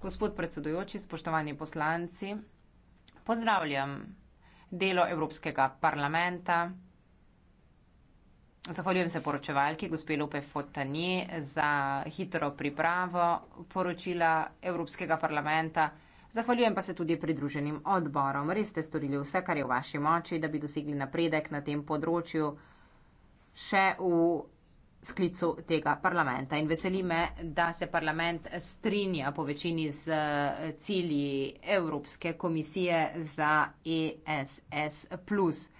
gospod predsedujoči spoštovani poslanci pozdravljam delo evropskega parlamenta zahvaljujem se poročevalki gospe lope fontagner za hitro pripravo poročila evropskega parlamenta zahvaljujem pa se tudi pridruženim odborom res ste storili vse kar je v vaši moči da bi dosegli napredek na tem področju še v sklicu tega parlamenta. In veseli me, da se parlament strinja po večini z eh, cilji Evropske komisije za ESS.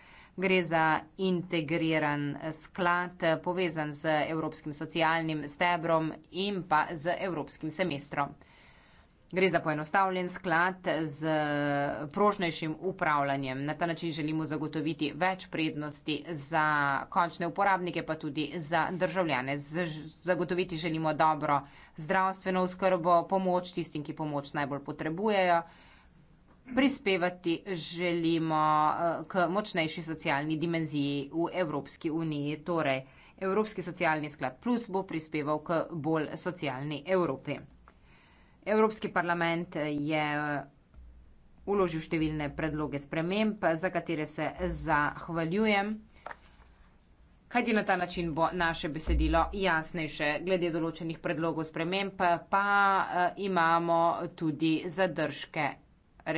Gre za integriran eh, sklad, eh, povezan z Evropskim socialnim stebrom in pa z Evropskim semestrom. Gre za poenostavljen sklad z eh, prožnejšim upravljanjem. Na ta način želimo zagotoviti več prednosti za končne uporabnike, pa tudi za državljane. Zagotoviti želimo dobro zdravstveno oskrbo, pomoč tistim, ki pomoč najbolj potrebujejo. Prispevati želimo eh, k močnejši socialni dimenziji v Evropski uniji. Torej, Evropski socialni sklad plus bo prispeval k bolj socialni Evropi. Evropski parlament je uložil eh, številne predloge sprememb, za katere se zahvaljujem. Kajti na ta način bo naše besedilo jasnejše. Glede določenih predlogov sprememb pa eh, imamo tudi zadržke,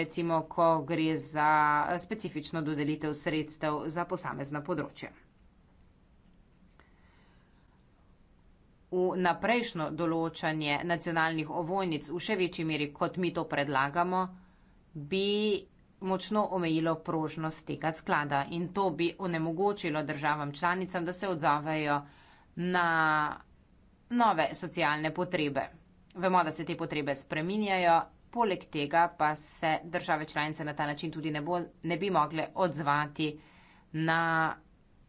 recimo, ko gre za eh, specifično dodelitev sredstev za posamezna področja. vnaprejšnjo določanje nacionalnih ovojnic v še večji meri, kot mi to predlagamo, bi močno omejilo prožnost tega sklada in to bi onemogočilo državam članicam, da se odzovejo na nove socialne potrebe. Vemo, da se te potrebe spreminjajo, poleg tega pa se države članice na ta način tudi ne, bo, ne bi mogle odzvati na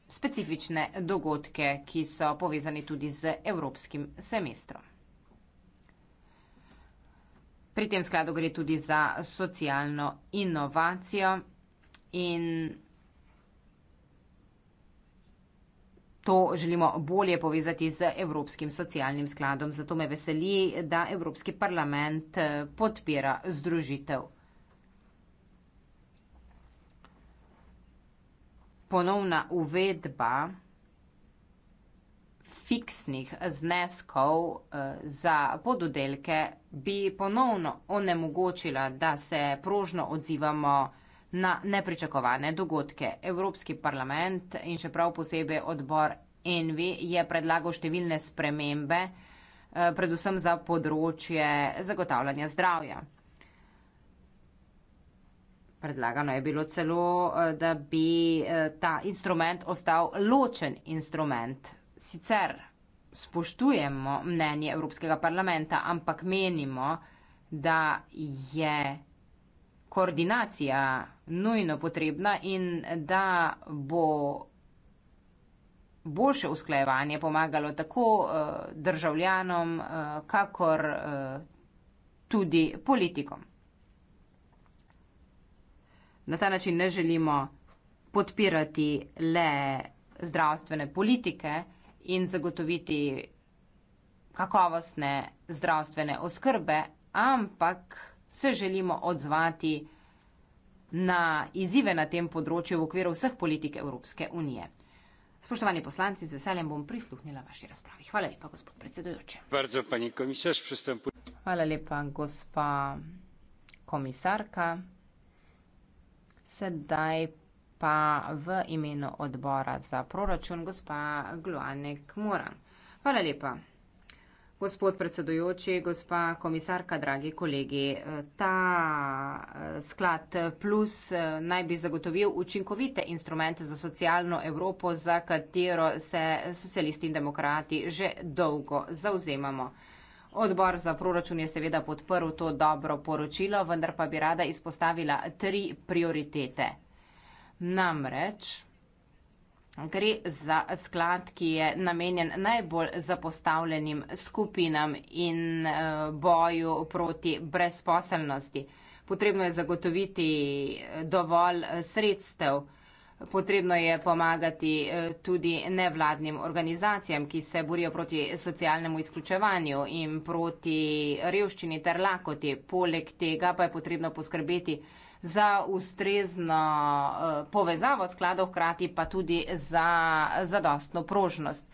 specifične dogodke, ki so povezani tudi z evropskim semestrom. Pri tem skladu gre tudi za socialno inovacijo in To želimo bolje povezati z Evropskim socialnim skladom, zato me veseli, da Evropski parlament eh, podpira združitev ponovna uvedba fiksnih zneskov eh, za pododelke bi ponovno onemogočila, da se prožno odzivamo na nepričakovane dogodke. Evropski parlament in še prav posebej odbor Envi je predlagal številne spremembe, eh, predvsem za področje zagotavljanja zdravja. Predlagano je bilo celo, eh, da bi eh, ta instrument ostal ločen instrument. Sicer spoštujemo mnenje Evropskega parlamenta, ampak menimo, da je koordinacija nujno potrebna in da bo boljše usklajevanje pomagalo tako eh, državljanom, kakor tudi politikom na ta način ne želimo podpirati le zdravstvene politike in zagotoviti kakovostne zdravstvene oskrbe, ampak se želimo odzvati na izzive na tem področju v okviru vseh politik Evropske unije. Spoštovani poslanci, z veseljem bom prisluhnila vaši razpravi. Hvala lepa, gospod predsedujoči. Hvala lepa, gospa komisarka. Sedaj pa v imenu odbora za proračun gospa Gluanek Moran. Hvala lepa. Gospod predsedujoči, gospa komisarka, dragi kolegi, ta eh, sklad plus eh, naj bi zagotovil učinkovite instrumente za socialno Evropo, za katero se socialisti in demokrati že dolgo zauzemamo. Odbor za proračun je seveda podprl to dobro poročilo, vendar pa bi rada izpostavila tri prioritete. Namreč gre za sklad, ki je namenjen najbolj zapostavljenim skupinam in eh, boju proti brezposelnosti. Potrebno je zagotoviti eh, dovolj eh, sredstev, Potrebno je pomagati eh, tudi nevladnim organizacijam, ki se borijo proti socialnemu izključevanju in proti revščini ter lakoti. Poleg tega pa je potrebno poskrbeti za ustrezno eh, povezavo skladov, hkrati pa tudi za zadostno prožnost.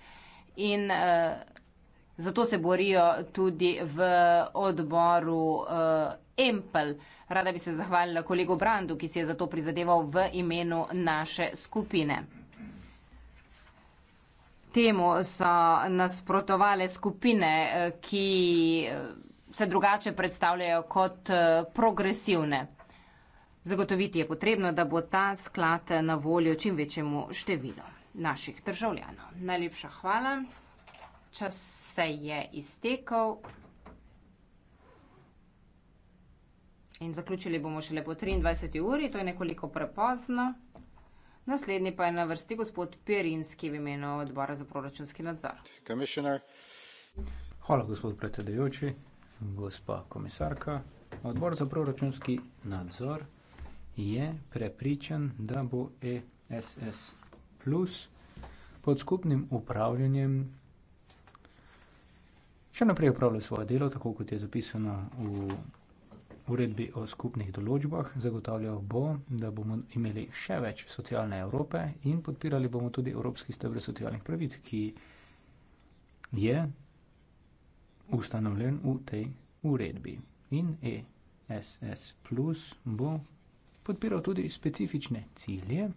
In eh, zato se borijo tudi v odboru Empel. Rada bi se zahvalila kolegu Brandu, ki si je za to prizadeval v imenu naše skupine. Temu so nasprotovale skupine, ki eh, se drugače predstavljajo kot eh, progresivne. Zagotoviti je potrebno, da bo ta sklad na voljo čim večjemu številu naših državljanov. Najlepša hvala. Čas se je iztekel. In zaključili bomo šele po 23. uri, to je nekoliko prepozno. Naslednji pa je na vrsti gospod Pirinski v imenu odbora za proračunski nadzor. Hvala, gospod predsedujoči, gospa komisarka. Odbor za proračunski nadzor je prepričan, da bo ESS plus pod skupnim upravljanjem še naprej upravljal svoje delo, tako kot je zapisano v uredbi o skupnih določbah zagotavljal bo, da bomo imeli še več socialne Evrope in podpirali bomo tudi Evropski stebr socialnih pravic, ki je ustanovljen v tej uredbi. In ESS Plus bo podpiral tudi specifične cilje,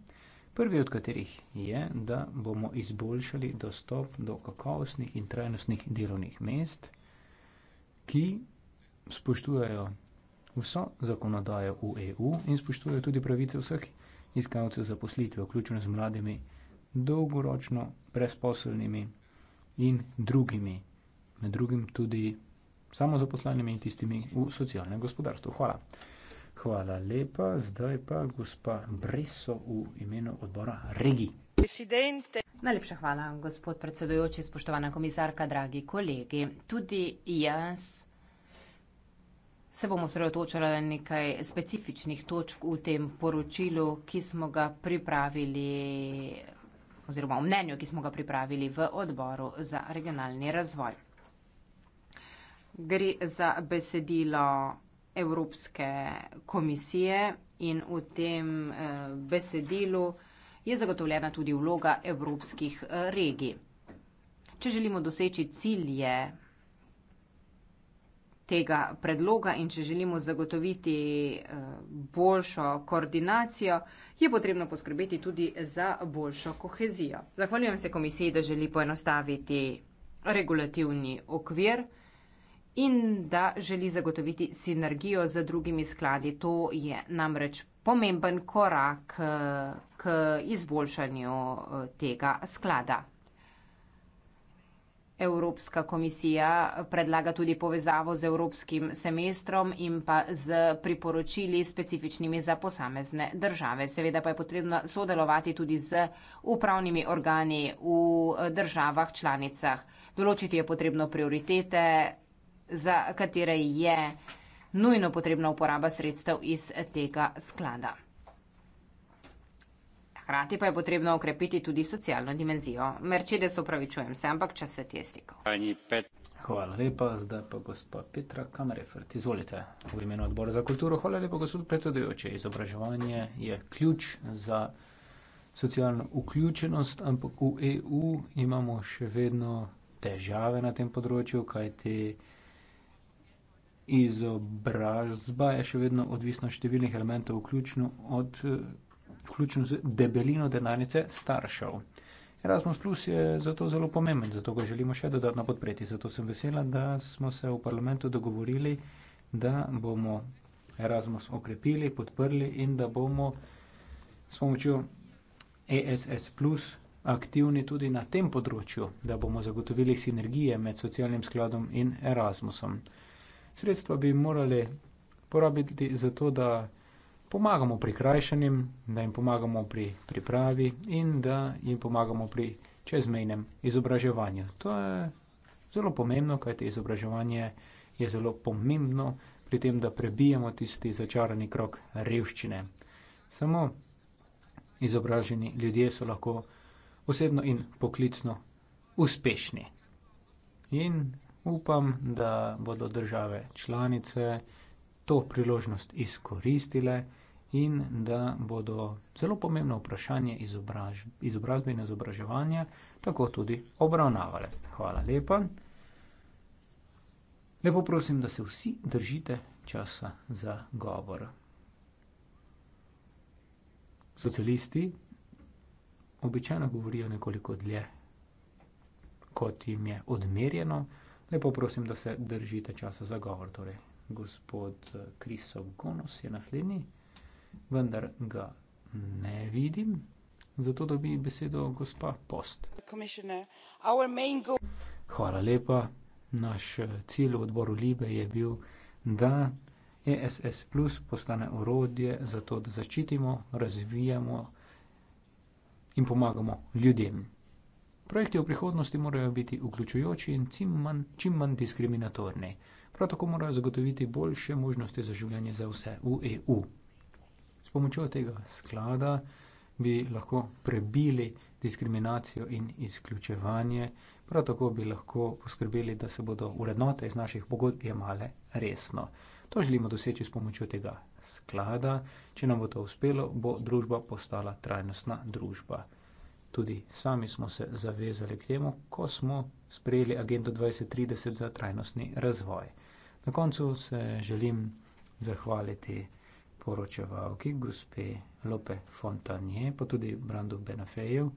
prvi od katerih je, da bomo izboljšali dostop do kakovostnih in trajnostnih delovnih mest, ki spoštujejo vso zakonodajo v EU in spoštujejo tudi pravice vseh iskalcev zaposlitve, vključno z mladimi, dolgoročno brezposelnimi in drugimi, med drugim tudi samozaposlenimi in tistimi v socialnem gospodarstvu. Hvala. Hvala lepa. Zdaj pa gospa Breso v imenu odbora Regi. Presidente. Najlepša hvala, gospod predsedujoči, spoštovana komisarka, dragi kolegi. Tudi jaz. Yes se bomo sredotočali na nekaj specifičnih točk v tem poročilu, ki smo ga pripravili oziroma v mnenju, ki smo ga pripravili v odboru za regionalni razvoj. Gre za besedilo Evropske komisije in v tem eh, besedilu je zagotovljena tudi vloga evropskih eh, regij. Če želimo doseči cilje tega predloga in če želimo zagotoviti eh, boljšo koordinacijo, je potrebno poskrbeti tudi za boljšo kohezijo. Zahvaljujem se komisiji, da želi poenostaviti regulativni okvir in da želi zagotoviti sinergijo z drugimi skladi. To je namreč pomemben korak eh, k izboljšanju eh, tega sklada. Evropska komisija predlaga tudi povezavo z evropskim semestrom in pa z priporočili specifičnimi za posamezne države. Seveda pa je potrebno sodelovati tudi z upravnimi organi v državah članicah. Določiti je potrebno prioritete, za katere je nujno potrebna uporaba sredstev iz tega sklada. Hrati pa je potrebno okrepiti tudi socialno dimenzijo. Mercedes, upravičujem se, ampak čas se ti je stikal. Hvala lepa, zdaj pa gospod Petra Kamerefert, izvolite. V imenu odbora za kulturo, hvala lepa, gospod predsedujoči. Izobraževanje je ključ za socialno vključenost, ampak v EU imamo še vedno težave na tem področju, kajti izobrazba je še vedno odvisna od številnih elementov, vključno od vključno z debelino denarnice staršev. Erasmus Plus je zato zelo pomemben, zato ga želimo še dodatno podpreti. Zato sem vesela, da smo se v parlamentu dogovorili, da bomo Erasmus okrepili, podprli in da bomo s pomočjo ESS Plus aktivni tudi na tem področju, da bomo zagotovili sinergije med socialnim skladom in Erasmusom. Sredstva bi morali porabiti za to, da pomagamo pri krajšanju, da jim pomagamo pri pripravi in da jim pomagamo pri čezmejnem izobraževanju. To je zelo pomembno, kajte izobraževanje je zelo pomembno pri tem, da prebijemo tisti začarani krok revščine. Samo izobraženi ljudje so lahko osebno in poklicno uspešni. In upam, da bodo države članice to priložnost izkoristile in da bodo zelo pomembno vprašanje izobraž izobrazbe in izobraževanja tako tudi obravnavale. Hvala lepa. Lepo prosim, da se vsi držite časa za govor. Socialisti običajno govorijo nekoliko dlje, kot jim je odmerjeno. Lepo prosim, da se držite časa za govor. Torej gospod eh, Krisogonos je naslednji, vendar ga ne vidim. Zato dobi besedo gospa Post. Hvala lepa. Naš eh, cilj v odboru Libe je bil, da ESS Plus postane orodje za to, da začitimo, razvijamo in pomagamo ljudem. Projekti v prihodnosti morajo biti vključujoči in čim manj, čim manj diskriminatorni. Prav tako morajo zagotoviti boljše možnosti za življenje za vse v EU. S pomočjo tega sklada bi lahko prebili diskriminacijo in izključevanje, prav tako bi lahko poskrbeli, da se bodo urednote iz naših pogodb jemale resno. To želimo doseči s pomočjo tega sklada. Če nam bo to uspelo, bo družba postala trajnostna družba. Tudi sami smo se zavezali k temu, ko smo sprejeli agendo 2030 za trajnostni razvoj. Na koncu se želim zahvaliti poročevalki gospe Lope Fontanje, pa tudi Brandu Benafeju,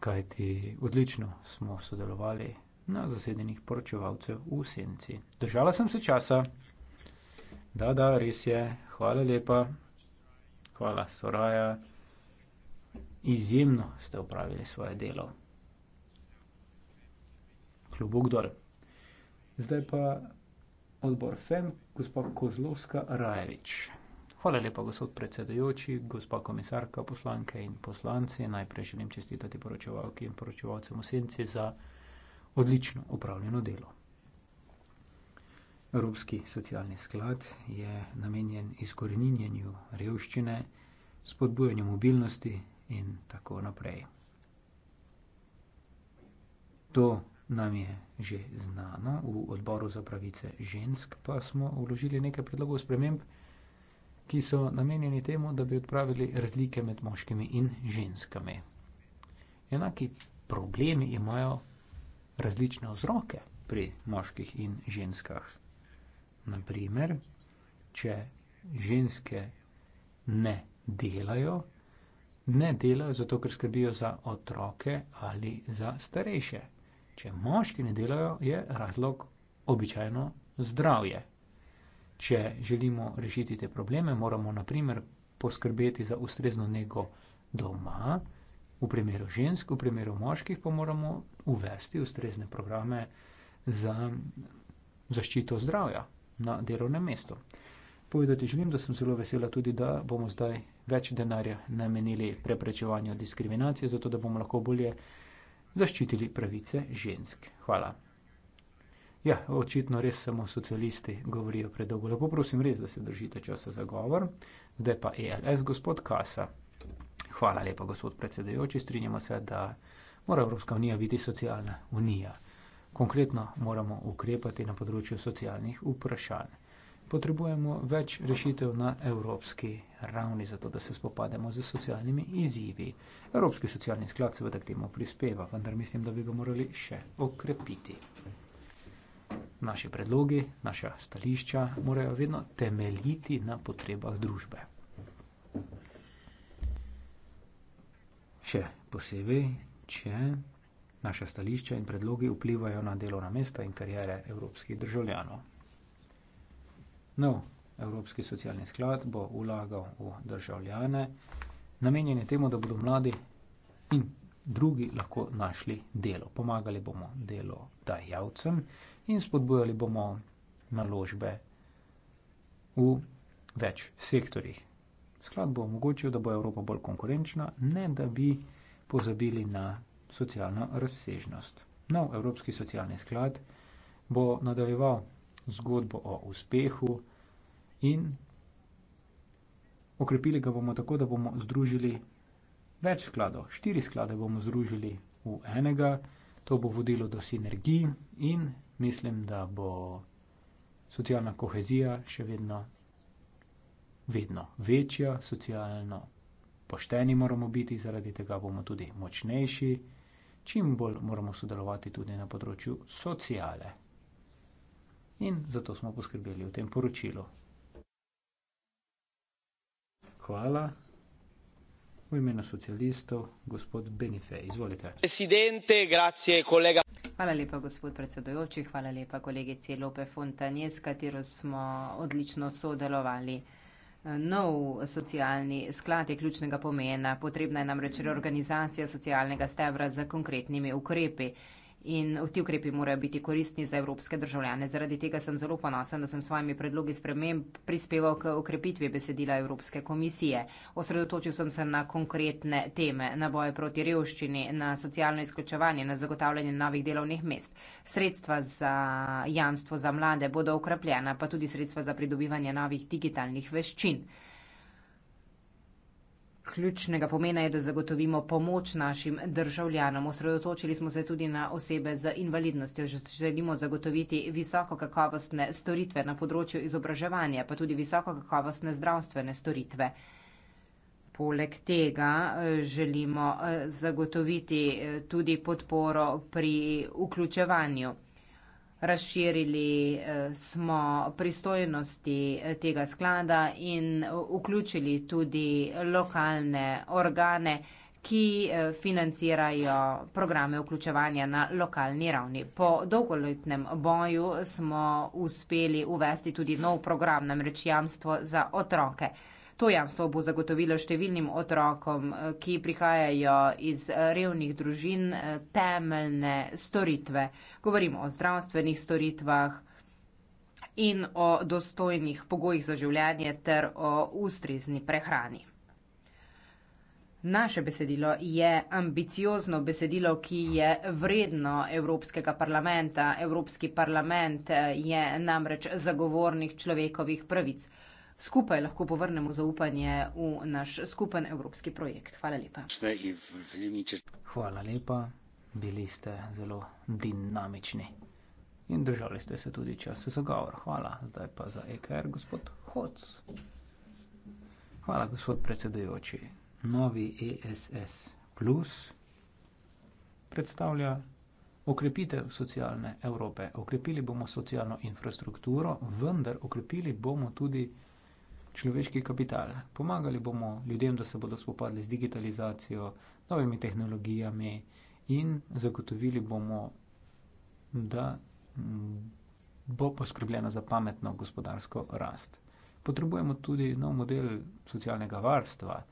kajti odlično smo sodelovali na zasedenih poročevalcev v Senci. Držala sem se časa. Da, da, res je. Hvala lepa. Hvala, Soraja. Izjemno ste upravili svoje delo. Klubok dol. Zdaj pa odbor FEM, gospod Kozlovska Rajevič. Hvala lepa, gospod predsedujoči, gospa komisarka, poslanke in poslanci. Najprej želim čestitati poročevalki in poročevalcem v senci za odlično upravljeno delo. Evropski socialni sklad je namenjen izkoreninjenju revščine, spodbujanju mobilnosti in tako naprej. To nam je že znano, v odboru za pravice žensk pa smo vložili nekaj predlogov sprememb, ki so namenjeni temu, da bi odpravili razlike med moškimi in ženskami. Enaki problemi imajo različne vzroke pri moških in ženskah. Naprimer, če ženske ne delajo, ne delajo zato, ker skrbijo za otroke ali za starejše. Če moški ne delajo, je razlog običajno zdravje. Če želimo rešiti te probleme, moramo naprimer poskrbeti za ustrezno nego doma, v primeru žensk, v primeru moških pa moramo uvesti ustrezne programe za zaščito zdravja na delovnem mestu. Povedati želim, da sem zelo vesela tudi, da bomo zdaj več denarja namenili preprečevanju diskriminacije, zato da bomo lahko bolje zaščitili pravice žensk. Hvala. Ja, očitno res samo socialisti govorijo predolgo. Lepo prosim res, da se držite časa za govor. Zdaj pa ELS, gospod Kasa. Hvala lepa, gospod predsedajoči. Strinjamo se, da mora Evropska unija biti socialna unija. Konkretno moramo ukrepati na področju socialnih vprašanj potrebujemo več rešitev na evropski ravni, zato da se spopademo z socialnimi izzivi. Evropski socialni sklad seveda k temu prispeva, vendar mislim, da bi ga morali še okrepiti. Naši predlogi, naša stališča morajo vedno temeljiti na potrebah družbe. Še posebej, če naša stališča in predlogi vplivajo na delovna mesta in karijere evropskih državljanov. Nov Evropski socialni sklad bo ulagal v državljane, namenjen je temu, da bodo mladi in drugi lahko našli delo. Pomagali bomo delo dajavcem in spodbujali bomo naložbe v več sektorjih. Sklad bo omogočil, da bo Evropa bolj konkurenčna, ne da bi pozabili na socialno razsežnost. Nov Evropski socialni sklad bo nadaljeval zgodbo o uspehu in okrepili ga bomo tako, da bomo združili več skladov. Štiri sklade bomo združili v enega, to bo vodilo do sinergij in mislim, da bo socialna kohezija še vedno, vedno večja, socialno pošteni moramo biti, zaradi tega bomo tudi močnejši. Čim bolj moramo sodelovati tudi na področju socijale in zato smo poskrbeli v tem poročilu. Hvala. V imenu socialistov, gospod Benifej, izvolite. Presidente, grazie, kolega. Hvala lepa, gospod predsedojoči, hvala lepa kolegici Lope Fontanje, s katero smo odlično sodelovali. Nov socialni sklad je ključnega pomena. Potrebna je namreč reorganizacija socialnega stebra z konkretnimi ukrepi in ti ukrepi morajo biti koristni za evropske državljane. Zaradi tega sem zelo ponosen, da sem s svojimi predlogi sprememb prispeval k okrepitvi besedila Evropske komisije. Osredotočil sem se na konkretne teme, na boje proti revščini, na socialno izključevanje, na zagotavljanje novih delovnih mest. Sredstva za jamstvo za mlade bodo okrepljena, pa tudi sredstva za pridobivanje novih digitalnih veščin. Ključnega pomena je, da zagotovimo pomoč našim državljanom. Osredotočili smo se tudi na osebe z invalidnostjo. Želimo zagotoviti visoko kakovostne storitve na področju izobraževanja, pa tudi visoko kakovostne zdravstvene storitve. Poleg tega eh, želimo eh, zagotoviti eh, tudi podporo pri vključevanju. Razširili eh, smo pristojnosti eh, tega sklada in eh, vključili tudi lokalne organe, ki financirajo programe vključevanja na lokalni ravni. Po dolgoletnem boju smo uspeli uvesti tudi nov program, namreč jamstvo za otroke. To jamstvo bo zagotovilo številnim otrokom, eh, ki prihajajo iz eh, revnih družin, eh, temeljne storitve. Govorimo o zdravstvenih storitvah in o dostojnih pogojih za življenje ter o ustrezni prehrani. Naše besedilo je ambiciozno besedilo, ki je vredno Evropskega parlamenta. Evropski parlament je namreč zagovornik človekovih pravic skupaj lahko povrnemo zaupanje v naš skupen evropski projekt. Hvala lepa. Hvala lepa, bili ste zelo dinamični in držali ste se tudi časa za govor. Hvala, zdaj pa za EKR, gospod Hoc. Hvala, gospod predsedujoči. Novi ESS Plus predstavlja okrepitev socialne Evrope. Okrepili bomo socialno infrastrukturo, vendar okrepili bomo tudi človeški kapital. Pomagali bomo ljudem, da se bodo spopadli z digitalizacijo, novimi tehnologijami in zagotovili bomo, da mm, bo poskrbljeno za pametno gospodarsko rast. Potrebujemo tudi nov model socialnega varstva,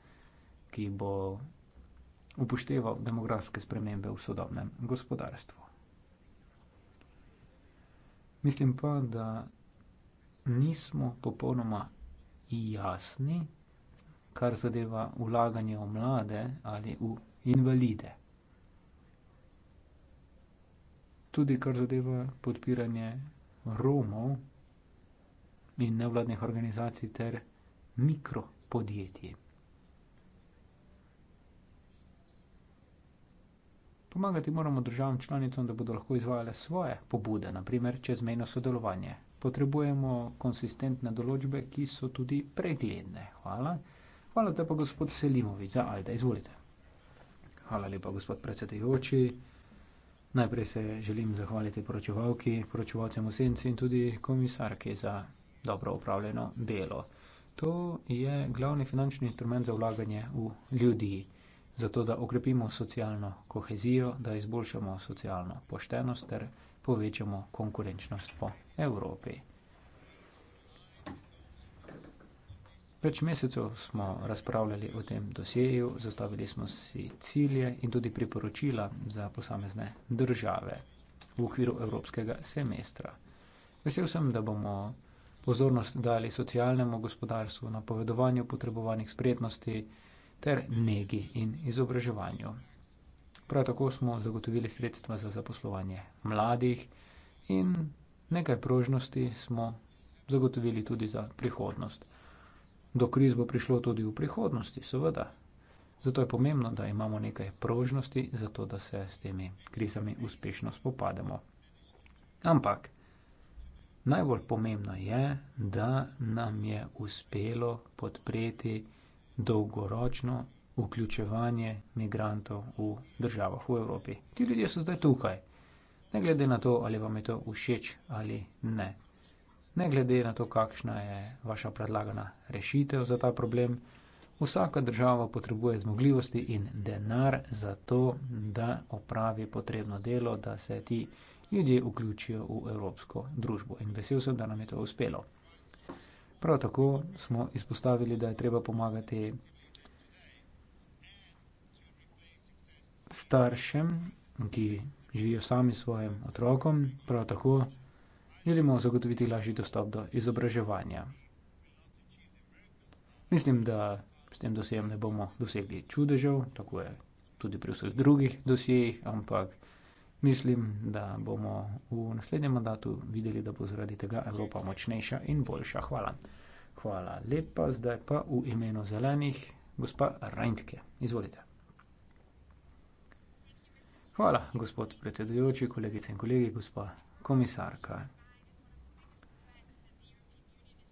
ki bo upošteval demografske spremembe v sodobnem gospodarstvu. Mislim pa, da nismo popolnoma jasni, kar zadeva ulaganje v mlade ali v invalide. Tudi kar zadeva podpiranje Romov in nevladnih organizacij ter mikropodjetij. Pomagati moramo državam članicam, da bodo lahko izvajale svoje pobude, naprimer čezmejno sodelovanje. Potrebujemo konsistentne določbe, ki so tudi pregledne. Hvala. Hvala te pa gospod Selimovič za Ajde, izvolite. Hvala lepa gospod predsedujoči. Najprej se želim zahvaliti poročevalki, poročevalcem v senci in tudi komisarki za dobro upravljeno delo. To je glavni finančni instrument za vlaganje v ljudi zato da okrepimo socialno kohezijo, da izboljšamo socialno poštenost ter povečamo konkurenčnost po Evropi. Več mesecev smo razpravljali o tem dosjeju, zastavili smo si cilje in tudi priporočila za posamezne države v okviru evropskega semestra. Vesel sem, da bomo pozornost dali socialnemu gospodarstvu na povedovanju potrebovanih spretnosti ter negi in izobraževanju. Prav tako smo zagotovili sredstva za zaposlovanje mladih in nekaj prožnosti smo zagotovili tudi za prihodnost. Do kriz bo prišlo tudi v prihodnosti, seveda. Zato je pomembno, da imamo nekaj prožnosti, zato da se s temi krizami uspešno spopademo. Ampak najbolj pomembno je, da nam je uspelo podpreti dolgoročno vključevanje migrantov v državah v Evropi. Ti ljudje so zdaj tukaj, ne glede na to, ali vam je to všeč ali ne. Ne glede na to, kakšna je vaša predlagana rešitev za ta problem, vsaka država potrebuje zmogljivosti in denar za to, da opravi potrebno delo, da se ti ljudje vključijo v evropsko družbo. In vesel sem, da nam je to uspelo. Prav tako smo izpostavili, da je treba pomagati staršem, ki živijo sami svojim otrokom. Prav tako želimo zagotoviti lažji dostop do izobraževanja. Mislim, da s tem dosjem ne bomo dosegli čudežev, tako je tudi pri vseh drugih dosjejih, ampak. Mislim, da bomo v naslednjem mandatu videli, da bo zaradi tega Evropa močnejša in boljša. Hvala. Hvala lepa. Zdaj pa v imenu zelenih gospa Reintke. Izvolite. Hvala, gospod predsedujoči, kolegice in kolegi, gospa komisarka.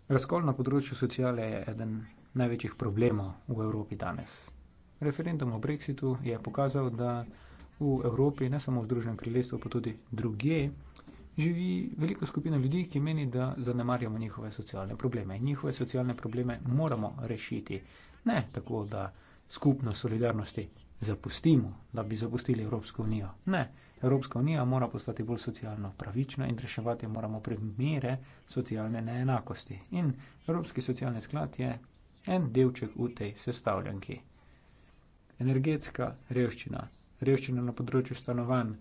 Razkol na področju sociale je eden največjih problemov v Evropi danes. Referendum o Brexitu je pokazal, da v Evropi, ne samo v Združenem kraljestvu, pa tudi druge, živi velika skupina ljudi, ki meni, da zanemarjamo njihove socialne probleme. Njihove socialne probleme moramo rešiti. Ne tako, da skupno solidarnosti zapustimo, da bi zapustili Evropsko unijo. Ne, Evropska unija mora postati bolj socialno pravična in reševati moramo predmere socialne neenakosti. In Evropski socialni sklad je en delček v tej sestavljanki. Energetska revščina revščina na področju stanovanj,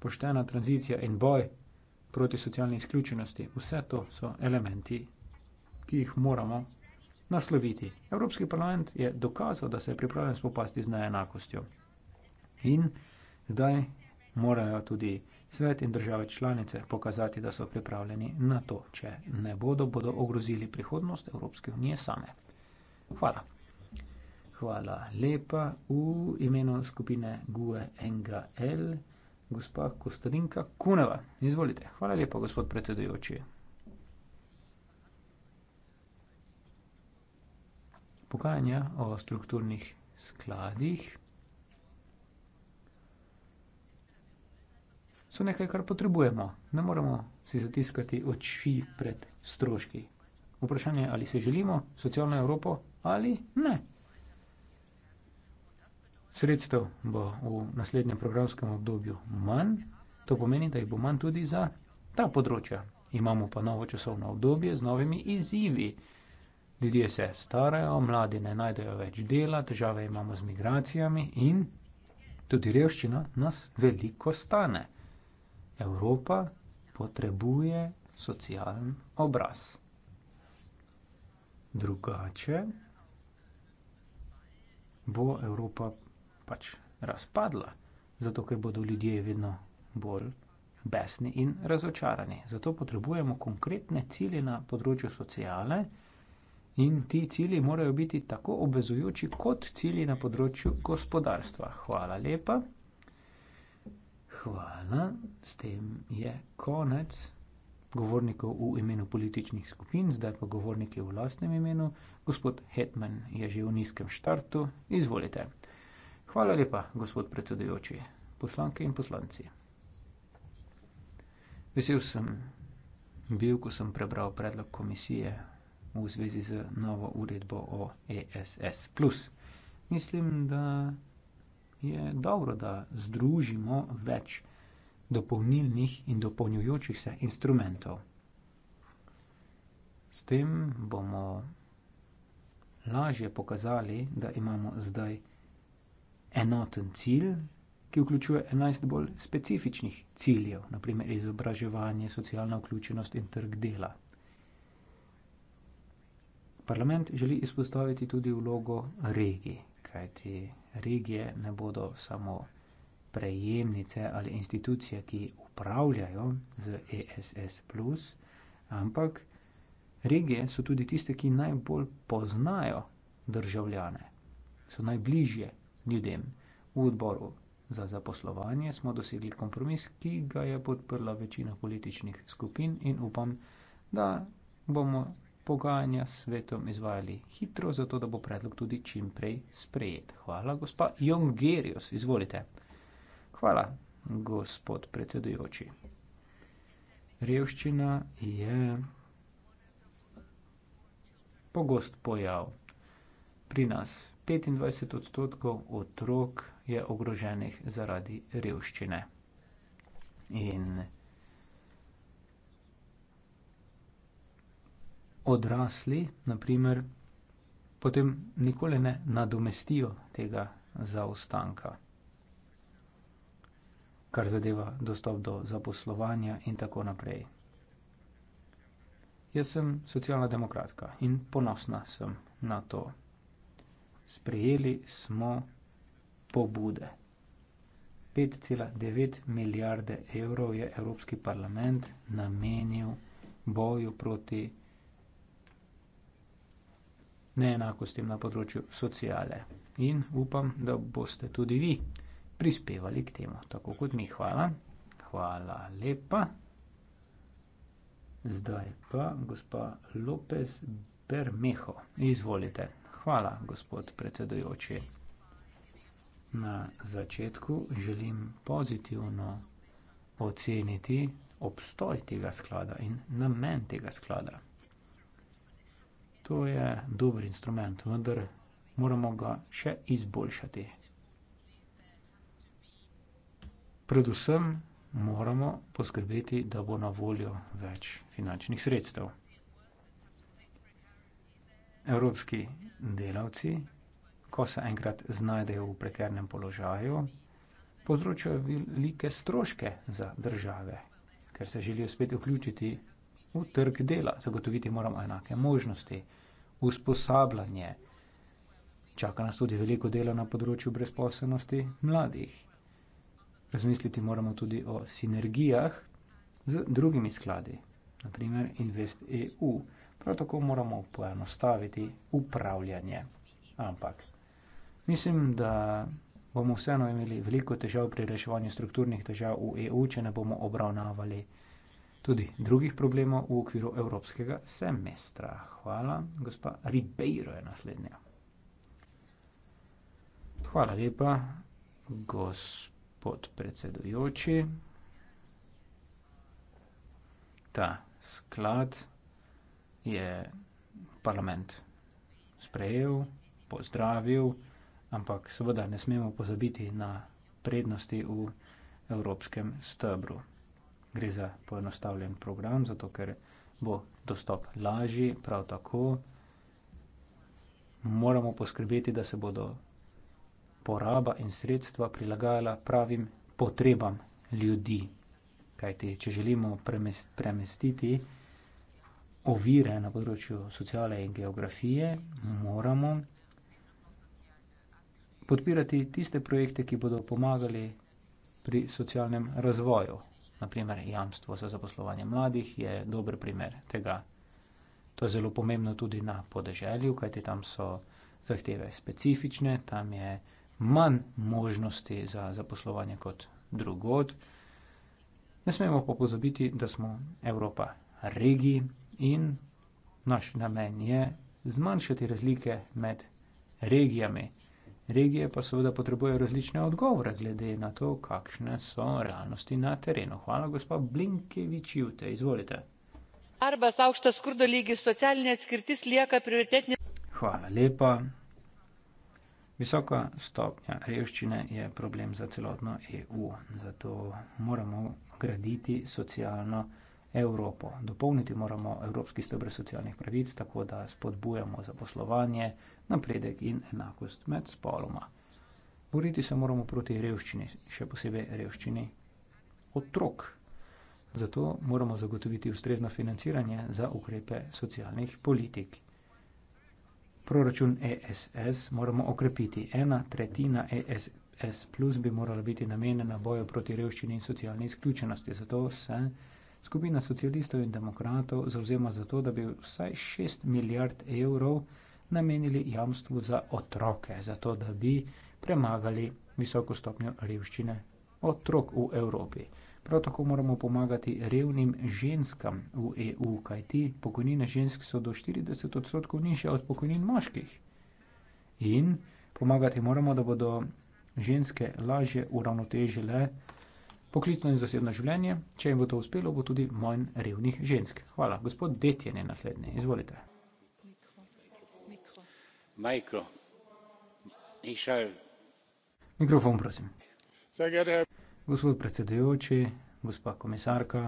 poštena tranzicija in boj proti socialni izključenosti. Vse to so elementi, ki jih moramo nasloviti. Evropski parlament je dokazal, da se je pripravljen spopasti z neenakostjo. In zdaj morajo tudi svet in države članice pokazati, da so pripravljeni na to. Če ne bodo, bodo ogrozili prihodnost Evropske unije same. Hvala. Hvala lepa. V imenu skupine GUE NGL, gospa Kostadinka Kuneva. Izvolite. Hvala lepa, gospod predsedujoči. Pogajanja o strukturnih skladih so nekaj, kar potrebujemo. Ne moremo si zatiskati oči pred stroški. Vprašanje, ali se želimo socialno Evropo ali ne sredstev bo v naslednjem programskem obdobju manj, to pomeni, da jih bo manj tudi za ta področja. Imamo pa novo časovno obdobje z novimi izzivi. Ljudje se starajo, mladi ne najdejo več dela, težave imamo z migracijami in tudi revščina nas veliko stane. Evropa potrebuje socialen obraz. Drugače bo Evropa pač razpadla, zato ker bodo ljudje vedno bolj besni in razočarani. Zato potrebujemo konkretne cilje na področju sociale in ti cilji morajo biti tako obvezujoči kot cilji na področju gospodarstva. Hvala lepa. Hvala, s tem je konec govornikov v imenu političnih skupin, zdaj pa govornike v lastnem imenu. Gospod Hetman je že v nizkem štartu, izvolite. Hvala lepa, gospod predsedujoči, poslanke in poslanci. Vesel sem bil, ko sem prebral predlog komisije v zvezi z novo uredbo o ESS. Mislim, da je dobro, da združimo več dopolnilnih in dopolnjujočih se instrumentov. S tem bomo lažje pokazali, da imamo zdaj enoten cilj, ki vključuje 11 bolj specifičnih ciljev, naprimer izobraževanje, socialna vključenost in trg dela. Parlament želi izpostaviti tudi vlogo regij, kajti regije ne bodo samo prejemnice ali institucije, ki upravljajo z ESS, ampak regije so tudi tiste, ki najbolj poznajo državljane, so najbližje ljudem. V odboru za zaposlovanje smo dosegli kompromis, ki ga je podprla večina političnih skupin in upam, da bomo pogajanja s svetom izvajali hitro, zato da bo predlog tudi čim prej sprejet. Hvala, gospa Jongerius, izvolite. Hvala, gospod predsedujoči. Revščina je pogost pojav pri nas. 25 odstotkov otrok je ogroženih zaradi revščine. In odrasli, naprimer, potem nikoli ne nadomestijo tega zaostanka, kar zadeva dostop do zaposlovanja in tako naprej. Jaz sem socialna demokratka in ponosna sem na to sprejeli smo pobude. 5,9 milijarde evrov je Evropski parlament namenil boju proti neenakostim na področju sociale. In upam, da boste tudi vi prispevali k temu, tako kot mi. Hvala. Hvala lepa. Zdaj pa gospa López Bermejo. Izvolite. Hvala, gospod predsedujoči. Na začetku želim pozitivno oceniti obstoj tega sklada in namen tega sklada. To je dober instrument, vendar moramo ga še izboljšati. Predvsem moramo poskrbeti, da bo na voljo več finančnih sredstev. Evropski delavci, ko se enkrat znajdejo v prekernem položaju, povzročajo velike stroške za države, ker se želijo spet vključiti v trg dela. Zagotoviti moramo enake možnosti, usposabljanje. Čaka nas tudi veliko dela na področju brezposobnosti mladih. Razmisliti moramo tudi o sinergijah z drugimi skladi, naprimer InvestEU. Prav tako moramo poenostaviti upravljanje. Ampak mislim, da bomo vseeno imeli veliko težav pri reševanju strukturnih težav v EU, če ne bomo obravnavali tudi drugih problemov v okviru evropskega semestra. Hvala, gospa Ribeiro je naslednja. Hvala lepa, gospod predsedujoči. Ta sklad je parlament sprejel, pozdravil, ampak seveda ne smemo pozabiti na prednosti v evropskem stebru. Gre za poenostavljen program, zato ker bo dostop lažji, prav tako moramo poskrbeti, da se bodo poraba in sredstva prilagajala pravim potrebam ljudi. Kajti, če želimo premest, premestiti ovire na področju sociale in geografije, moramo podpirati tiste projekte, ki bodo pomagali pri socialnem razvoju. Naprimer, jamstvo za zaposlovanje mladih je dober primer tega. To je zelo pomembno tudi na podeželju, kajti tam so zahteve specifične, tam je manj možnosti za zaposlovanje kot drugod. Ne smemo pa pozabiti, da smo Evropa regij in naš namen je zmanjšati razlike med regijami. Regije pa seveda potrebujejo različne odgovore glede na to, kakšne so realnosti na terenu. Hvala, gospa Blinkevičiute, izvolite. Hvala lepa. Visoka stopnja revščine je problem za celotno EU, zato moramo graditi socialno Evropo. Dopolniti moramo evropski stebr socialnih pravic, tako da spodbujamo zaposlovanje, napredek in enakost med spoloma. Boriti se moramo proti revščini, še posebej revščini otrok. Zato moramo zagotoviti ustrezno financiranje za ukrepe socialnih politik. Proračun ESS moramo okrepiti. Ena tretjina ESS plus bi morala biti namenjena boju proti revščini in socialni izključenosti. Zato se Skupina socialistov in demokratov zauzema za to, da bi vsaj 6 milijard evrov namenili jamstvu za otroke, zato da bi premagali visoko stopnjo revščine otrok v Evropi. Prav tako moramo pomagati revnim ženskam v EU, kajti pokojnine žensk so do 40 odstotkov nižje od pokojnin moških. In pomagati moramo, da bodo ženske lažje uravnotežile poklicno in zasebno življenje. Če jim bo to uspelo, bo tudi manj revnih žensk. Hvala. Gospod Detjen je naslednji. Izvolite. Mikro. Mikro. Mikrofon, prosim. Gospod predsedujoči, gospa komisarka.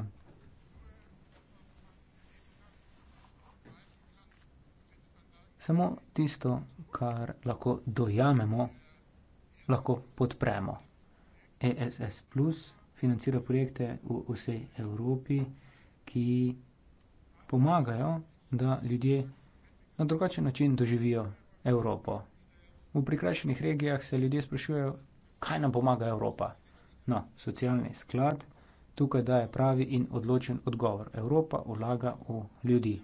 Samo tisto, kar lahko dojamemo, lahko podpremo. ESS plus financira projekte v vsej Evropi, ki pomagajo, da ljudje na drugačen način doživijo Evropo. V prikrajšenih regijah se ljudje sprašujejo, kaj nam pomaga Evropa. No, socialni sklad tukaj daje pravi in odločen odgovor. Evropa vlaga v ljudi.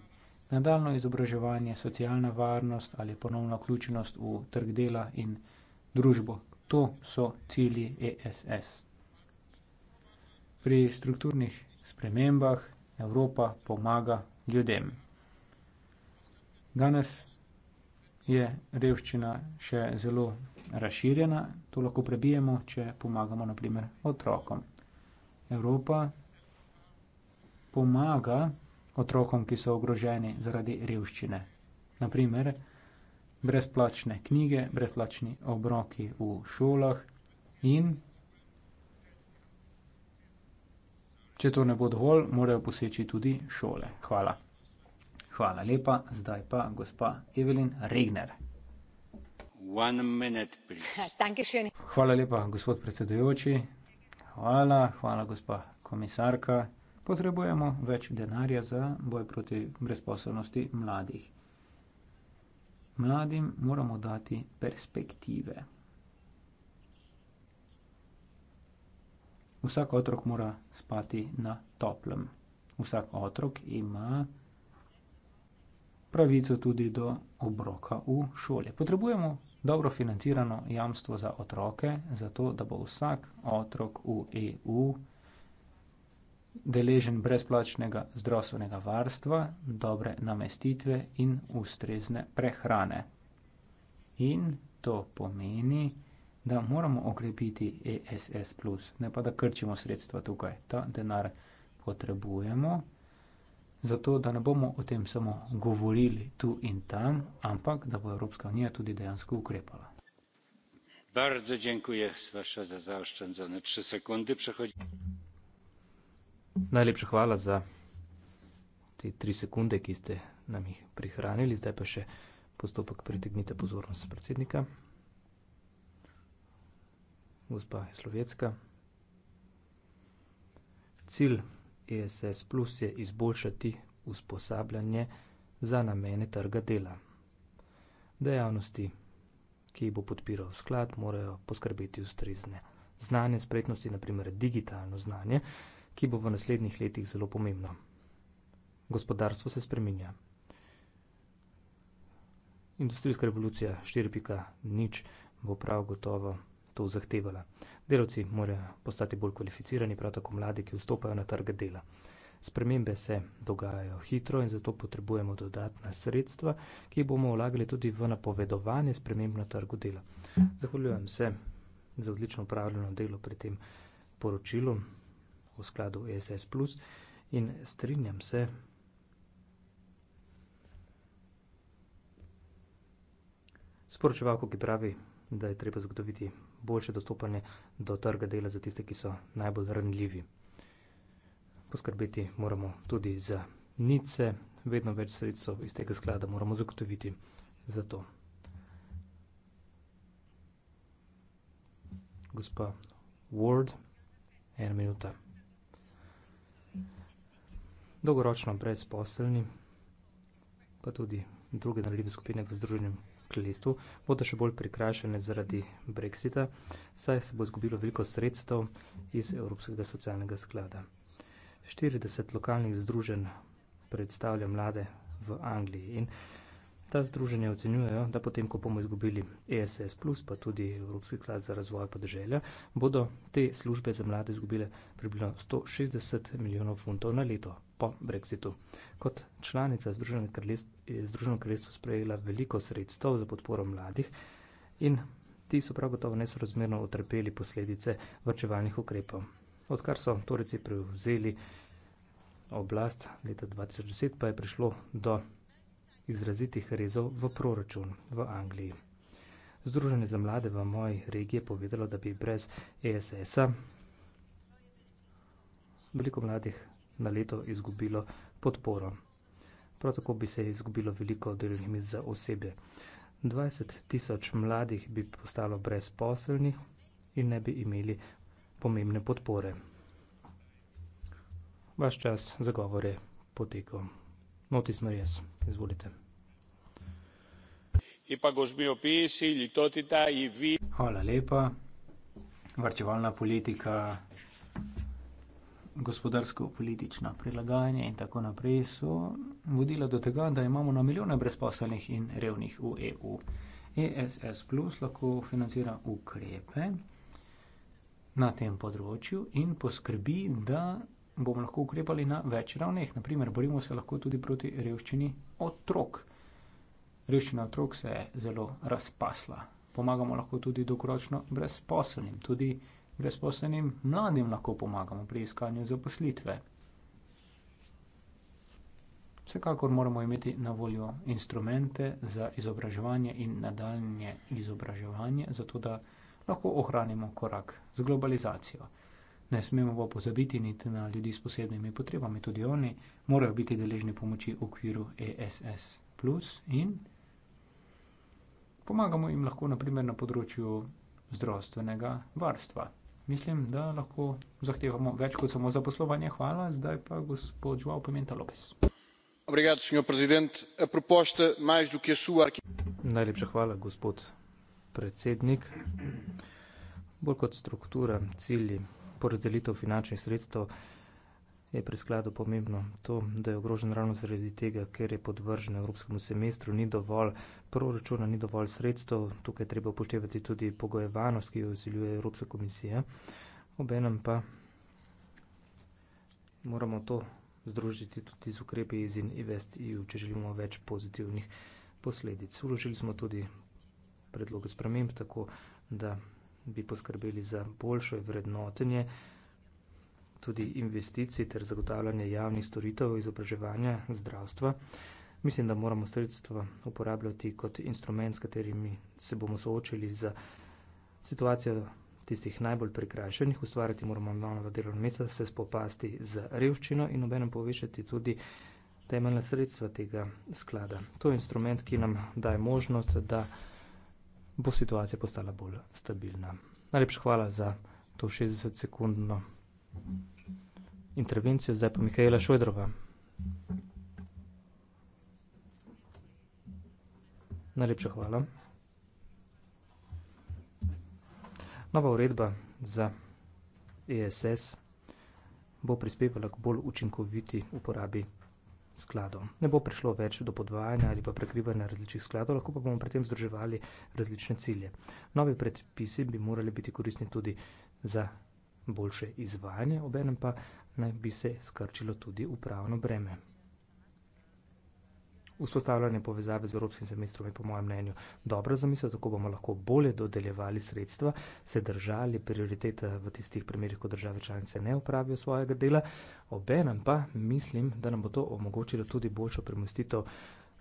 Nadaljno izobraževanje, socialna varnost ali ponovna vključenost v trg dela in družbo. To so cilji ESS. Pri strukturnih spremembah Evropa pomaga ljudem. Danes je revščina še zelo razširjena, to lahko prebijemo, če pomagamo naprimer otrokom. Evropa pomaga otrokom, ki so ogroženi zaradi revščine. Naprimer, brezplačne knjige, brezplačni obroki v šolah in Če to ne bo dovolj, morajo poseči tudi šole. Hvala. Hvala lepa. Zdaj pa gospa Evelin Regner. Hvala lepa, gospod predsedujoči. Hvala, hvala, gospa komisarka. Potrebujemo več denarja za boj proti brezposobnosti mladih. Mladim moramo dati perspektive. Vsak otrok mora spati na toplem. Vsak otrok ima pravico tudi do obroka v šole. Potrebujemo dobro financirano jamstvo za otroke, zato da bo vsak otrok v EU deležen brezplačnega zdravstvenega varstva, dobre namestitve in ustrezne prehrane. In to pomeni, da moramo okrepiti ESS, ne pa da krčimo sredstva tukaj. Ta denar potrebujemo, zato da ne bomo o tem samo govorili tu in tam, ampak da bo Evropska unija tudi dejansko ukrepala. Bardzo dziękuję, zwłaszcza za zaoszczędzone trzy sekundy. Przechodzi... Najlepsza chwała za te trzy sekundy, jakieście nam ich przychranili. Zdaj pa się postupek przytygnite pozorność przedsiednika gospa je slovecka. Cilj ESS Plus je izboljšati usposabljanje za namene trga dela. Dejavnosti, ki jih bo podpiral sklad, morajo poskrbeti ustrezne znanje, spretnosti, naprimer digitalno znanje, ki bo v naslednjih letih zelo pomembno. Gospodarstvo se spreminja. Industrijska revolucija 4.0 bo prav gotovo to zahtevala. Delavci morajo postati bolj kvalificirani, prav tako mladi, ki vstopajo na trg dela. Spremembe se dogajajo hitro in zato potrebujemo dodatna sredstva, ki jih bomo vlagali tudi v napovedovanje sprememb na trgu dela. Zahvaljujem se za odlično upravljeno delo pri tem poročilu v skladu ESS Plus in strinjam se. Sporočevalko, ki pravi, da je treba zagotoviti boljše dostopanje do trga dela za tiste, ki so najbolj ranljivi. Poskrbeti moramo tudi za nice, vedno več sredstev iz tega sklada moramo zagotoviti za to. Gospa Ward, ena minuta. Dolgoročno brezposelni, pa tudi druge naljive skupine v združenju kraljestvu bodo še bolj prikrajšane zaradi brexita, saj se bo izgubilo veliko sredstev iz Evropskega socialnega sklada. 40 lokalnih združenj predstavlja mlade v Angliji in ta združenja ocenjujejo, da potem, ko bomo izgubili ESS, pa tudi Evropski sklad za razvoj podeželja, bodo te službe za mlade izgubile približno 160 milijonov funtov na leto po brexitu. Kot članica Združenega kraljestva sprejela veliko sredstev za podporo mladih in ti so prav gotovo nesrazmerno utrpeli posledice vrčevalnih ukrepov. Odkar so Turci prevzeli oblast leta 2010, pa je prišlo do izrazitih rezov v proračun v Angliji. Združenje za mlade v moji regiji je povedalo, da bi brez ESS-a veliko mladih na leto izgubilo podporo. Prav tako bi se izgubilo veliko delovnih mest za osebje. 20 tisoč mladih bi postalo brezposelnih in ne bi imeli pomembne podpore. Vaš čas za govor je potekel. Notis Marijas, izvolite. Hvala lepa. Varčevalna politika gospodarsko-politična prilagajanja in tako naprej so vodila do tega, da imamo na milijone brezposelnih in revnih v EU. ESS Plus lahko financira ukrepe na tem področju in poskrbi, da bomo lahko ukrepali na več ravneh. Naprimer, borimo se lahko tudi proti revščini otrok. Revščina otrok se je zelo razpasla. Pomagamo lahko tudi dokoročno brezposelnim, tudi brezposlenim mladim lahko pomagamo pri iskanju zaposlitve. Vsekakor moramo imeti na voljo instrumente za izobraževanje in nadaljnje izobraževanje, zato da lahko ohranimo korak z globalizacijo. Ne smemo pa pozabiti niti na ljudi s posebnimi potrebami, tudi oni morajo biti deležni pomoči v okviru ESS. In pomagamo jim lahko naprimer na področju zdravstvenega varstva mislim, da lahko zahtevamo več kot samo zaposlovanje. Hvala, zdaj pa gospod João Pimenta Lopes. Obrigado, senhor presidente. A proposta mais do que a sua. Najlepša hvala, gospod predsednik. Bolj kot struktura, cilji, porazdelitev finančnih sredstev je pri skladu pomembno to, da je ogrožen ravno zaradi tega, ker je podvržen evropskemu semestru, ni dovolj proračuna, ni dovolj sredstev, tukaj treba upoštevati tudi pogojevanost, ki jo usiljuje Evropska komisija. Obenem pa moramo to združiti tudi z ukrepi iz Invest EU, če želimo več pozitivnih posledic. Uložili smo tudi predloge sprememb, tako da bi poskrbeli za boljše vrednotenje tudi investicij ter zagotavljanje javnih storitev izobraževanja zdravstva. Mislim, da moramo sredstva uporabljati kot instrument, s katerimi se bomo soočili za situacijo tistih najbolj prikrajšenih, ustvariti moramo nova delovna mesta, se spopasti z revščino in obenem povečati tudi temeljna sredstva tega sklada. To je instrument, ki nam daje možnost, da bo situacija postala bolj stabilna. Najlepša hvala za to 60-sekundno intervencijo, zdaj pa Mihajla Šojdrova. Najlepša hvala. Nova uredba za ESS bo prispevala k bolj učinkoviti uporabi skladov. Ne bo prišlo več do podvajanja ali pa prekrivanja različnih skladov, lahko pa bomo pri tem združevali različne cilje. Novi predpisi bi morali biti koristni tudi za boljše izvajanje, obenem pa naj bi se skrčilo tudi upravno breme. Vzpostavljanje povezave z evropskim semestrom je po mojem mnenju dobra zamisel, tako bomo lahko bolje dodeljevali sredstva, se držali prioriteta v tistih primerih, ko države članice ne upravijo svojega dela. Obenem pa mislim, da nam bo to omogočilo tudi boljšo premustitev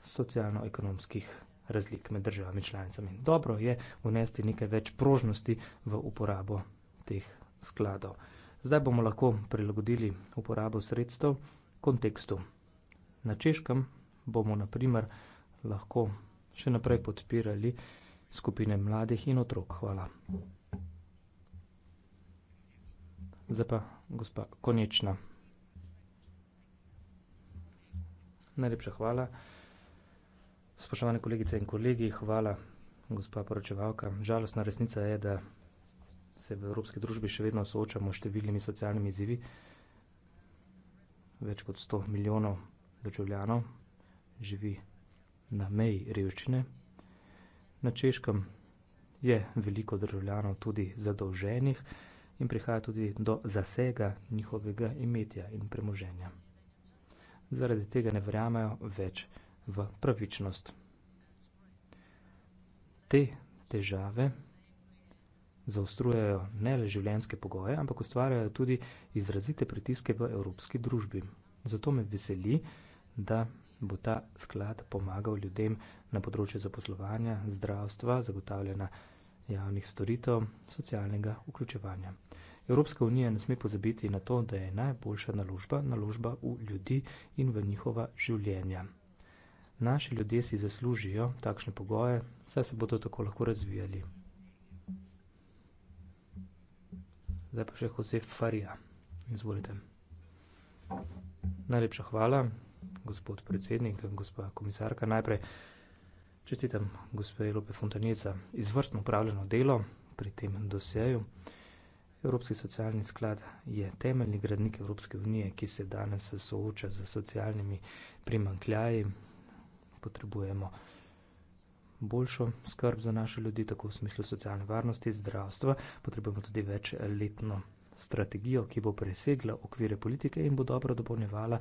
socialno-ekonomskih razlik med državami članicami. Dobro je vnesti nekaj več prožnosti v uporabo teh skladov. Zdaj bomo lahko prilagodili uporabo sredstev kontekstu. Na češkem bomo na primer lahko še naprej podpirali skupine mladih in otrok. Hvala. Zdaj pa gospa Konečna. Najlepša hvala. Spoštovane kolegice in kolegi, hvala gospa poročevalka. Žalostna resnica je, da se v evropski družbi še vedno soočamo s številnimi socialnimi izzivi. Več kot 100 milijonov državljanov živi na meji revščine. Na češkem je veliko državljanov tudi zadolženih in prihaja tudi do zasega njihovega imetja in premoženja. Zaradi tega ne verjamajo več v pravičnost. Te težave zaostrujejo ne le življenjske pogoje, ampak ustvarjajo tudi izrazite pritiske v evropski družbi. Zato me veseli, da bo ta sklad pomagal ljudem na področju zaposlovanja, zdravstva, zagotavljanja javnih storitev, socialnega vključevanja. Evropska unija ne sme pozabiti na to, da je najboljša naložba naložba v ljudi in v njihova življenja. Naši ljudje si zaslužijo takšne pogoje, saj se bodo tako lahko razvijali. Zdaj pa še Jose Farija. Izvolite. Najlepša hvala, gospod predsednik, gospa komisarka. Najprej čestitam gospe Lope Fontaneza izvrstno upravljeno delo pri tem doseju. Evropski socialni sklad je temeljni gradnik Evropske unije, ki se danes sooča z socialnimi primankljaji. Potrebujemo boljšo skrb za naše ljudi, tako v smislu socialne varnosti, zdravstva, potrebujemo tudi več letno strategijo, ki bo presegla okvire politike in bo dobro dopolnjevala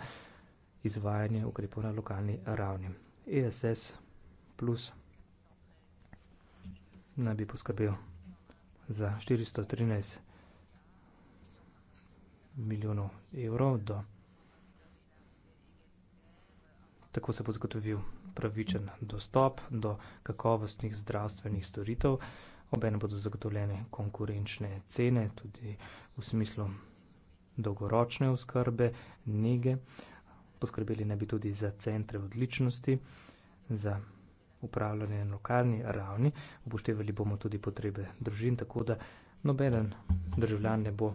izvajanje ukrepov na lokalni ravni. ESS plus naj bi poskrbel za 413 milijonov evrov do tako se bo zagotovil pravičen dostop do kakovostnih zdravstvenih storitev, obenem bodo zagotovljene konkurenčne cene, tudi v smislu dolgoročne oskrbe, nege. Poskrbeli naj bi tudi za centre odličnosti, za upravljanje na lokalni ravni. Upoštevali bomo tudi potrebe družin, tako da nobeden državljan ne bo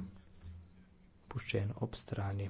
puščen ob strani.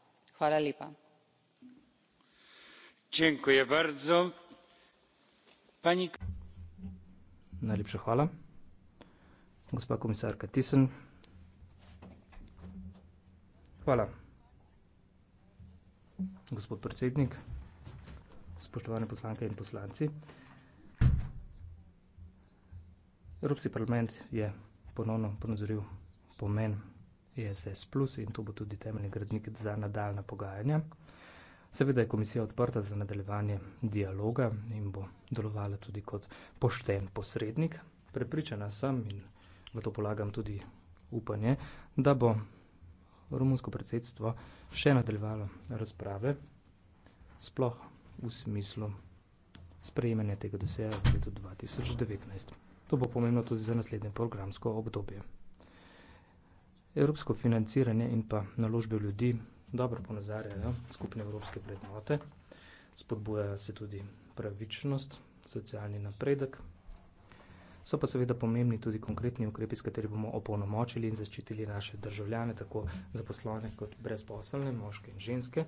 Najlepša hvala. Gospa komisarka Thyssen, hvala. Gospod predsednik, spoštovane poslanke in poslanci. Evropski parlament je ponovno ponazoril pomen ISS, e plus, in to bo tudi temeljni gradnik za nadaljna pogajanja. Seveda je komisija odprta za nadaljevanje dialoga in bo delovala tudi kot pošten posrednik. Prepričana sem in v to polagam tudi upanje, da bo romunsko predsedstvo še nadaljevalo razprave, sploh v smislu sprejemanja tega doseja v letu 2019. To bo pomembno tudi za naslednje programsko obdobje evropsko financiranje in pa naložbe v ljudi dobro ponazarjajo skupne evropske prednote, spodbujajo se tudi pravičnost, socialni napredek. So pa seveda pomembni tudi konkretni ukrepi, s kateri bomo opolnomočili in zaščitili naše državljane, tako zaposlene kot brezposelne, moške in ženske.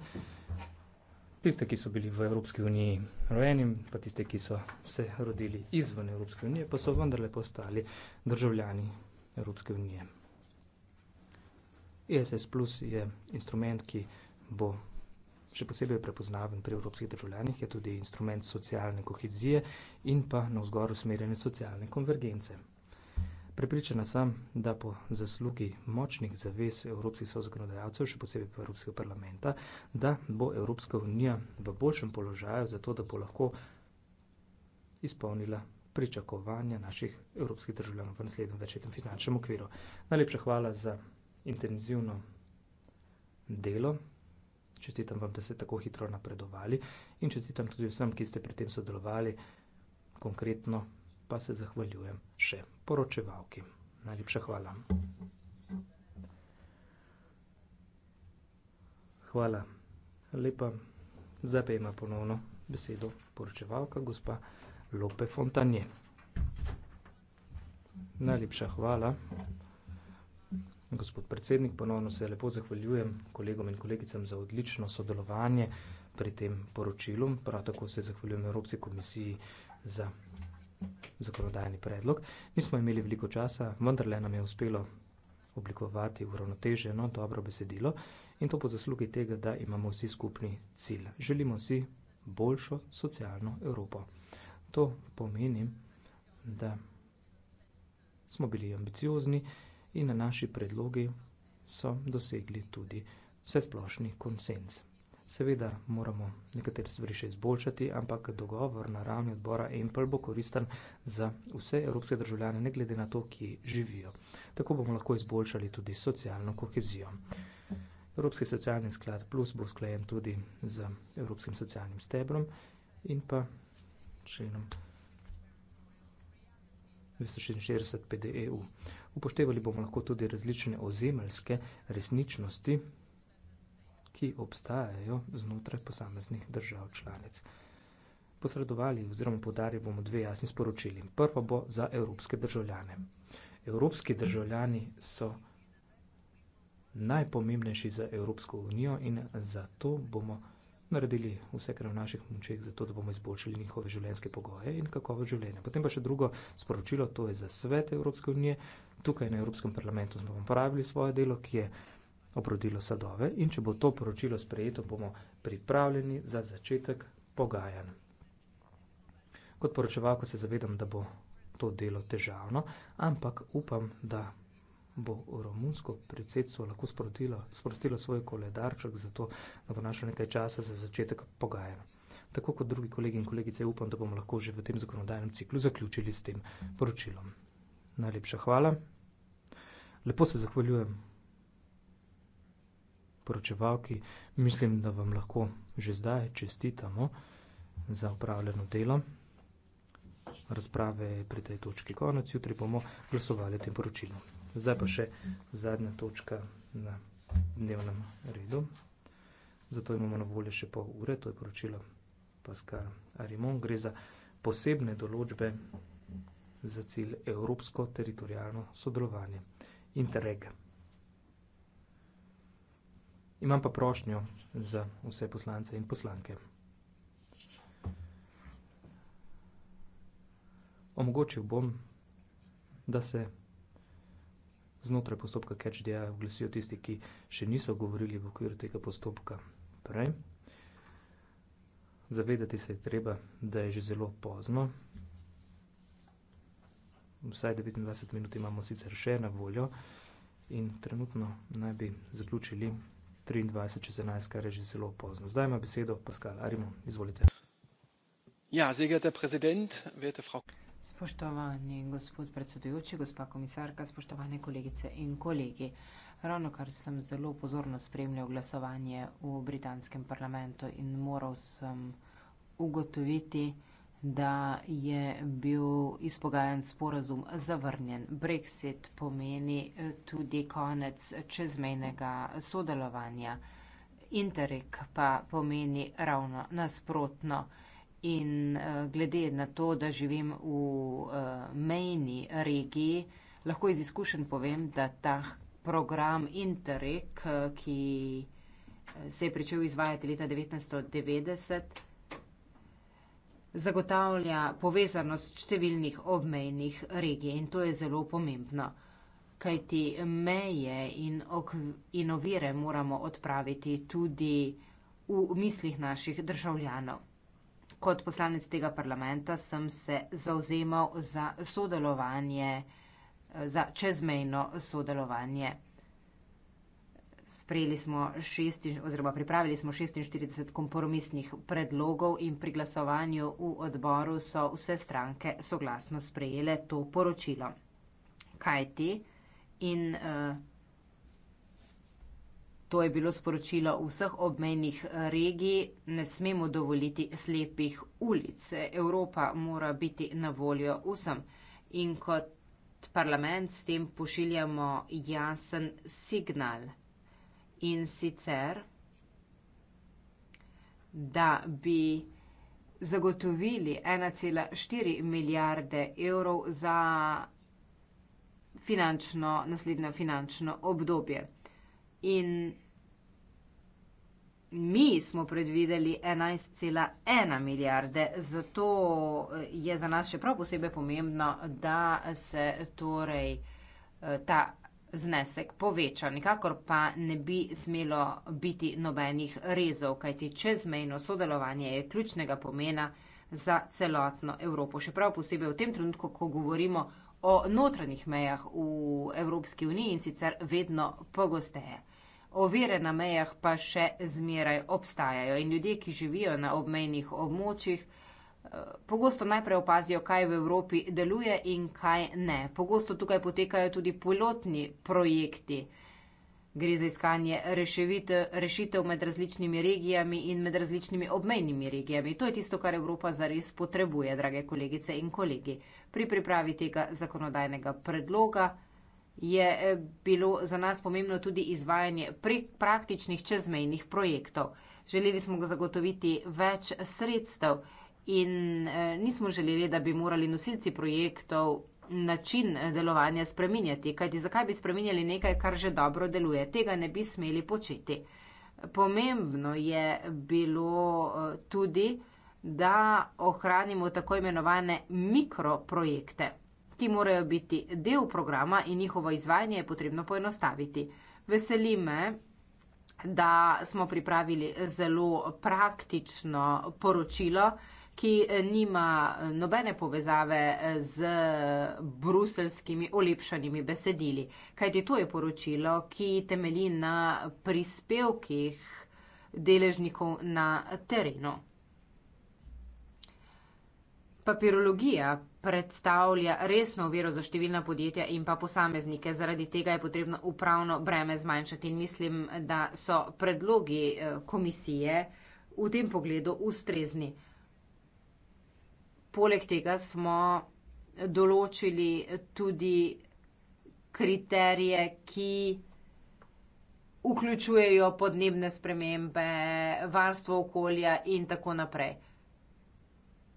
Tiste, ki so bili v Evropski uniji rojeni, pa tiste, ki so se rodili izven Evropske unije, pa so vendarle postali državljani Evropske unije. ESS Plus je instrument, ki bo še posebej prepoznaven pri evropskih državljanih, je tudi instrument socialne kohezije in pa na vzgor usmerjene socialne konvergence. Prepričana sem, da po zaslugi močnih zavez evropskih sozakonodajalcev, še posebej pa Evropskega parlamenta, da bo Evropska unija v boljšem položaju zato, da bo lahko izpolnila pričakovanja naših evropskih državljanov v naslednjem večjetem finančnem okviru. Najlepša hvala za intenzivno delo. Čestitam vam, da ste tako hitro napredovali in čestitam tudi vsem, ki ste pri tem sodelovali. Konkretno pa se zahvaljujem še poročevalki. Najlepša hvala. Hvala lepa. Zdaj pa ima ponovno besedo poročevalka gospa Lope Fontanje. Najlepša hvala. Gospod predsednik, ponovno se lepo zahvaljujem kolegom in kolegicam za odlično sodelovanje pri tem poročilu. Prav tako se zahvaljujem Evropski komisiji za zakonodajni predlog. Nismo imeli veliko časa, vendar le nam je uspelo oblikovati uravnoteženo dobro besedilo in to po zaslugi tega, da imamo vsi skupni cilj. Želimo si boljšo socialno Evropo. To pomeni, da smo bili ambiciozni in in na naši predlogi so dosegli tudi vse splošni konsens. Seveda moramo nekatere stvari še izboljšati, ampak dogovor na ravni odbora EMPL bo koristen za vse evropske državljane, ne glede na to, kje živijo. Tako bomo lahko izboljšali tudi socialno kohezijo. Evropski socialni sklad Plus bo sklejen tudi z Evropskim socialnim stebrom in pa členom. 246.pd.eu. E Upoštevali bomo lahko tudi različne ozemeljske resničnosti, ki obstajajo znotraj posameznih držav članic. Posredovali oziroma podarili bomo dve jasni sporočili. Prvo bo za evropske državljane. Evropski državljani so najpomembnejši za Evropsko unijo in zato bomo naredili vse, kar je v naših močeh, zato da bomo izboljšali njihove življenjske pogoje in kakovo življenje. Potem pa še drugo sporočilo, to je za svet Evropske unije. Tukaj na Evropskem parlamentu smo pravili svoje delo, ki je obrodilo sadove in če bo to poročilo sprejeto, bomo pripravljeni za začetek pogajanj. Kot poročevalko se zavedam, da bo to delo težavno, ampak upam, da bo romunsko predsedstvo lahko sprostilo svoj koledarček, zato da bo našlo nekaj časa za začetek pogajanj. Tako kot drugi kolegi in kolegice, upam, da bomo lahko že v tem zakonodajnem ciklu zaključili s tem poročilom. Najlepša hvala. Lepo se zahvaljujem poročevalki. Mislim, da vam lahko že zdaj čestitamo za upravljeno delo. Razprave pri tej točki konec. Jutri bomo glasovali o tem poročilu. Zdaj pa še zadnja točka na dnevnem redu. Zato imamo na voljo še pol ure, to je poročilo Paskar Arimon. Gre za posebne določbe za cilj evropsko teritorijalno sodelovanje. Interreg. Imam pa prošnjo za vse poslance in poslanke. Omogočil bom, da se znotraj postopka CatchDA oglasijo tisti, ki še niso govorili v okviru tega postopka prej. Zavedati se je treba, da je že zelo pozno. Vsaj 29 minut imamo sicer še na voljo in trenutno naj bi zaključili 23 čez 11, kar je že zelo pozno. Zdaj ima besedo Pascal Arimo, izvolite. Ja, sehr geehrter Präsident, werte Frau. Spoštovani gospod predsedujoči, gospa komisarka, spoštovane kolegice in kolegi. Ravno kar sem zelo pozorno spremljal glasovanje v britanskem parlamentu in moral sem ugotoviti, da je bil izpogajan sporazum zavrnjen. Brexit pomeni eh, tudi konec čezmejnega sodelovanja. Interreg pa pomeni ravno nasprotno. In eh, glede na to, da živim v eh, mejni regiji, lahko iz izkušenj povem, da ta program Interreg, eh, ki se je pričel izvajati leta 1990, zagotavlja povezanost številnih obmejnih regij in to je zelo pomembno. Kaj ti meje in, in ovire moramo odpraviti tudi v mislih naših državljanov kot poslanec tega parlamenta sem se zauzemal za sodelovanje, za čezmejno sodelovanje. Sprejeli smo šest, oziroma pripravili smo 46 kompromisnih predlogov in pri glasovanju v odboru so vse stranke soglasno sprejele to poročilo. Kaj ti? In uh, To je bilo sporočilo vseh obmejnih regij. Ne smemo dovoliti slepih ulic. Evropa mora biti na voljo vsem. In kot parlament s tem pošiljamo jasen signal. In sicer, da bi zagotovili 1,4 milijarde evrov za finančno, naslednjo finančno obdobje. In Mi smo predvideli 11,1 milijarde, zato eh, je za nas še prav posebej pomembno, da se torej eh, ta znesek poveča. Nikakor pa ne bi smelo biti nobenih rezov, kajti čezmejno sodelovanje je ključnega pomena za celotno Evropo. Še prav posebej v tem trenutku, ko govorimo o notranjih mejah v Evropski uniji in sicer vedno pogosteje ovire na mejah pa še zmeraj obstajajo in ljudje, ki živijo na obmejnih območjih, eh, pogosto najprej opazijo, kaj v Evropi deluje in kaj ne. Pogosto tukaj potekajo tudi pilotni projekti. Gre za iskanje rešitev med različnimi regijami in med različnimi obmejnimi regijami. To je tisto, kar Evropa zares potrebuje, drage kolegice in kolegi. Pri pripravi tega zakonodajnega predloga je eh, bilo za nas pomembno tudi izvajanje praktičnih čezmejnih projektov. Želeli smo ga zagotoviti več sredstev in eh, nismo želeli, da bi morali nosilci projektov način eh, delovanja spreminjati, kajti zakaj bi spreminjali nekaj, kar že dobro deluje. Tega ne bi smeli početi. Pomembno je bilo tudi, da ohranimo tako imenovane mikroprojekte. Ti morajo biti del programa in njihovo izvajanje je potrebno poenostaviti. Veseli me, da smo pripravili zelo praktično poročilo, ki nima nobene povezave z bruselskimi olepšanimi besedili. Kajti to je poročilo, ki temelji na prispevkih deležnikov na terenu. Papirologija predstavlja resno uviro za številna podjetja in pa posameznike. Zaradi tega je potrebno upravno breme zmanjšati in mislim, da so predlogi eh, komisije v tem pogledu ustrezni. Poleg tega smo določili tudi kriterije, ki vključujejo podnebne spremembe, varstvo okolja in tako naprej.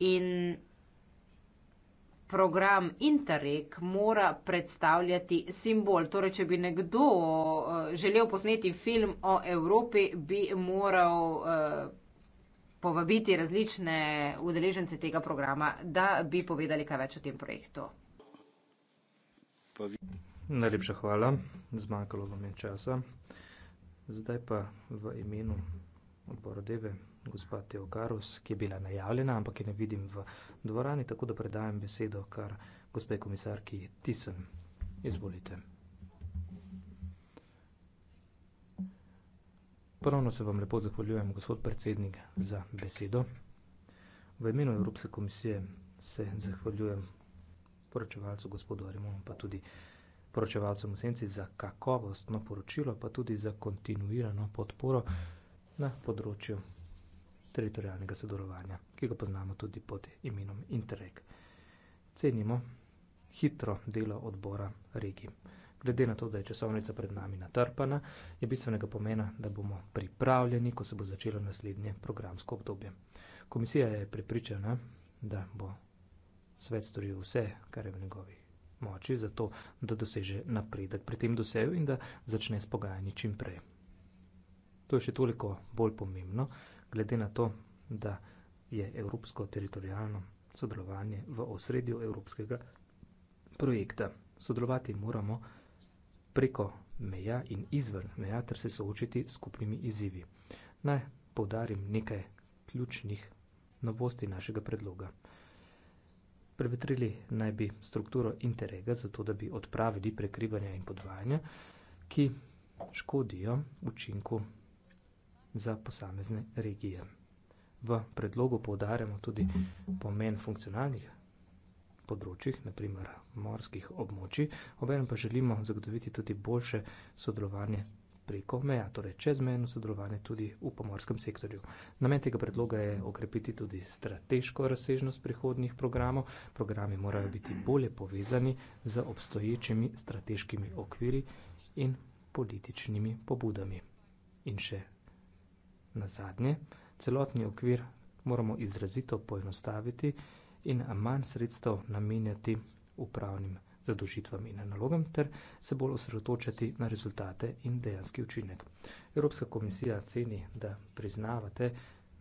In program Interreg mora predstavljati simbol. Torej, če bi nekdo eh, želel posneti film o Evropi, bi moral eh, povabiti različne udeležence tega programa, da bi povedali kaj več o tem projektu. Najlepša hvala, zmanjkalo vam je časa. Zdaj pa v imenu odbora Deve gospa Teokarus, ki je bila najavljena, ampak je ne vidim v dvorani, tako da predajam besedo kar gospe komisarki Tisen. Izvolite. Ponovno se vam lepo zahvaljujem, gospod predsednik, za besedo. V imenu Evropske komisije se zahvaljujem poročevalcu gospodu Arimonu, pa tudi poročevalcem v senci za kakovostno poročilo, pa tudi za kontinuirano podporo na področju teritorijalnega sodelovanja, ki ga poznamo tudi pod imenom Interreg. Cenimo hitro delo odbora regij. Glede na to, da je časovnica pred nami natrpana, je bistvenega pomena, da bomo pripravljeni, ko se bo začelo naslednje programsko obdobje. Komisija je pripričana, da bo svet storil vse, kar je v njegovi moči, zato da doseže napredek pri tem dosegu in da začne s pogajanji čim prej. To je še toliko bolj pomembno, glede na to, da je evropsko teritorijalno sodelovanje v osredju evropskega projekta. Sodelovati moramo preko meja in izven meja ter se soočiti s skupnimi izzivi. Naj podarim nekaj ključnih novosti našega predloga. Prevetrili naj bi strukturo interega, zato da bi odpravili prekrivanja in podvajanja, ki škodijo učinku za posamezne regije. V predlogu povdarjamo tudi pomen funkcionalnih področjih, naprimer morskih območij, obenem pa želimo zagotoviti tudi boljše sodelovanje preko meja, torej čezmejno sodelovanje tudi v pomorskem sektorju. Namen tega predloga je okrepiti tudi strateško razsežnost prihodnih programov. Programi morajo biti bolje povezani z obstoječimi strateškimi okviri in političnimi pobudami. In še Na zadnje, celotni okvir moramo izrazito poenostaviti in manj sredstev namenjati upravnim zadožitvam in nalogam, ter se bolj osredotočati na rezultate in dejanski učinek. Evropska komisija ceni, da priznavate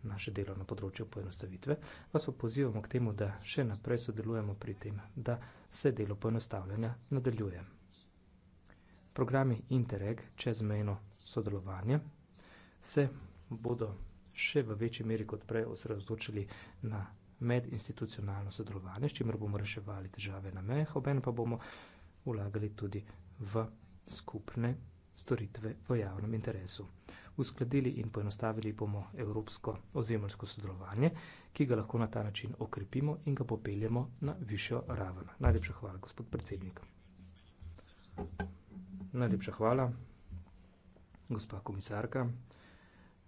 naše delo na področju poenostavitve, vas pa pozivamo k temu, da še naprej sodelujemo pri tem, da se delo poenostavljanja nadaljuje. Programi Interreg čezmejno sodelovanje se bodo še v večji meri kot prej osredotočili na medinstitucionalno sodelovanje, s čimer bomo reševali težave na mejah, obenem pa bomo vlagali tudi v skupne storitve v javnem interesu. Uskladili in poenostavili bomo evropsko ozemljsko sodelovanje, ki ga lahko na ta način okrepimo in ga popeljemo na višjo raven. Najlepša hvala, gospod predsednik. Najlepša hvala, gospa komisarka.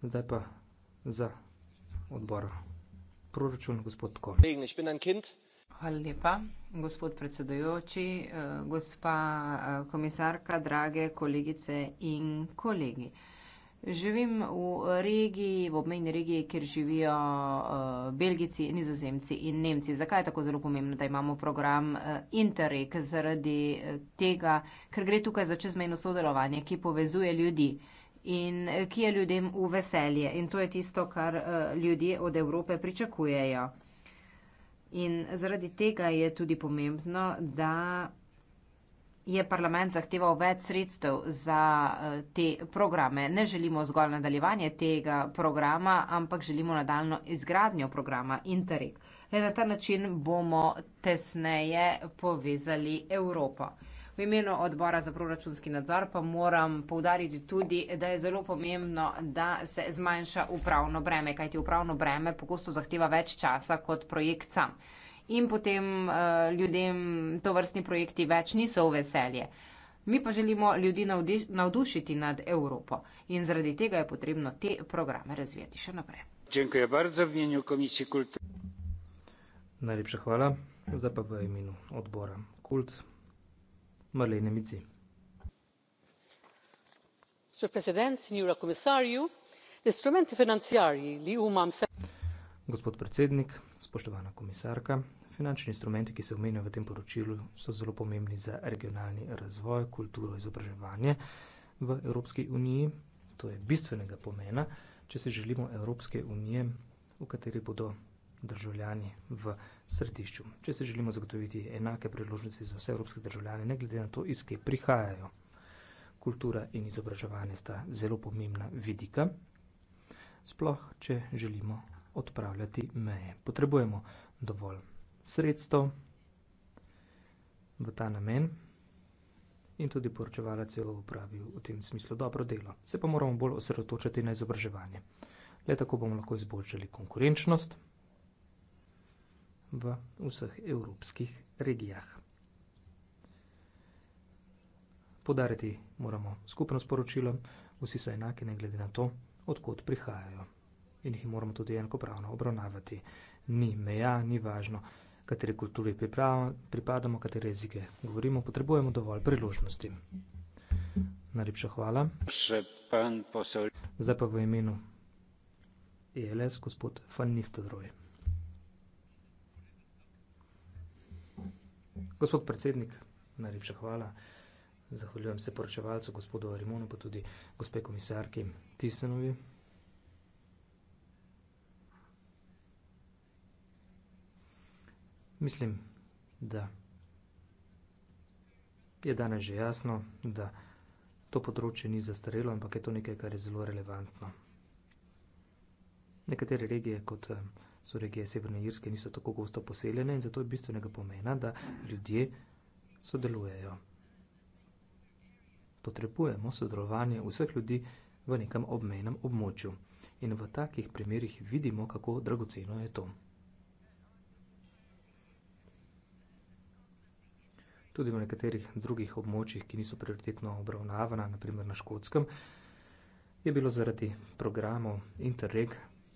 Zdaj pa za odbor. Proračun, gospod Kovnik. Hvala lepa, gospod predsedujoči, eh, gospa eh, komisarka, drage kolegice in kolegi. Živim v regiji, v obmejni regiji, kjer živijo eh, Belgici, Nizozemci in Nemci. Zakaj je tako zelo pomembno, da imamo program Interreg? Zaradi tega, ker gre tukaj za čezmejno sodelovanje, ki povezuje ljudi in eh, ki je ljudem v veselje. In to je tisto, kar eh, ljudje od Evrope pričakujejo. In zaradi tega je tudi pomembno, da je parlament zahteval več sredstev za eh, te programe. Ne želimo zgolj nadaljevanje tega programa, ampak želimo nadaljno izgradnjo programa Interreg. Le na ta način bomo tesneje povezali Evropo. V imenu odbora za proračunski nadzor pa moram povdariti tudi, da je zelo pomembno, da se zmanjša upravno breme, kajti upravno breme pogosto zahteva več časa kot projekt sam. In potem uh, ljudem to vrstni projekti več niso v veselje. Mi pa želimo ljudi navdi, navdušiti nad Evropo in zaradi tega je potrebno te programe razvijati še naprej. Najlepša hvala, zdaj pa v imenu odbora Kult marlene mizzi. mister president signora commissario gli strumenti finanziari li huma. gospod predsednik spoštovana komisarka finančni instrumenti ki se omenjajo v tem poročilu so zelo pomembni za regionalni razvoj kulturo izobraževanje v evropski uniji to je bistvenega pomena če se želimo evropske unije v kateri bodo državljani v središču. Če se želimo zagotoviti enake priložnosti za vse evropske državljane, ne glede na to, iz kje prihajajo. Kultura in izobraževanje sta zelo pomembna vidika, sploh če želimo odpravljati meje. Potrebujemo dovolj sredstev v ta namen in tudi poročevalec je upravil v tem smislu dobro delo. Se pa moramo bolj osredotočiti na izobraževanje. Le tako bomo lahko izboljšali konkurenčnost, в усах европских региях. Подарите морамо скупно споручило, усі са еднаки не гледа на то, откуда прихаяю. И ние морамо туди еднакоправно обронавати. Ни мея, ни важно, катери култури припадамо, катери езике говоримо, потребуемо доволь приложности. Najlepša hvala. Zdaj pa v imenu ELS, gospod Fannistodroj. Gospod predsednik, najlepša hvala. Zahvaljujem se poročevalcu, gospodu Arimonu, pa tudi gospe komisarki Tisanovi. Mislim, da je danes že jasno, da to področje ni zastarelo, ampak je to nekaj, kar je zelo relevantno. Nekatere regije kot so regije Severne Irske niso tako gosto poseljene in zato je bistvenega pomena, da ljudje sodelujejo. Potrebujemo sodelovanje vseh ljudi v nekem obmejnem območju in v takih primerjih vidimo, kako dragoceno je to. Tudi v nekaterih drugih območjih, ki niso prioritetno obravnavana, naprimer na škotskem, je bilo zaradi programov Interreg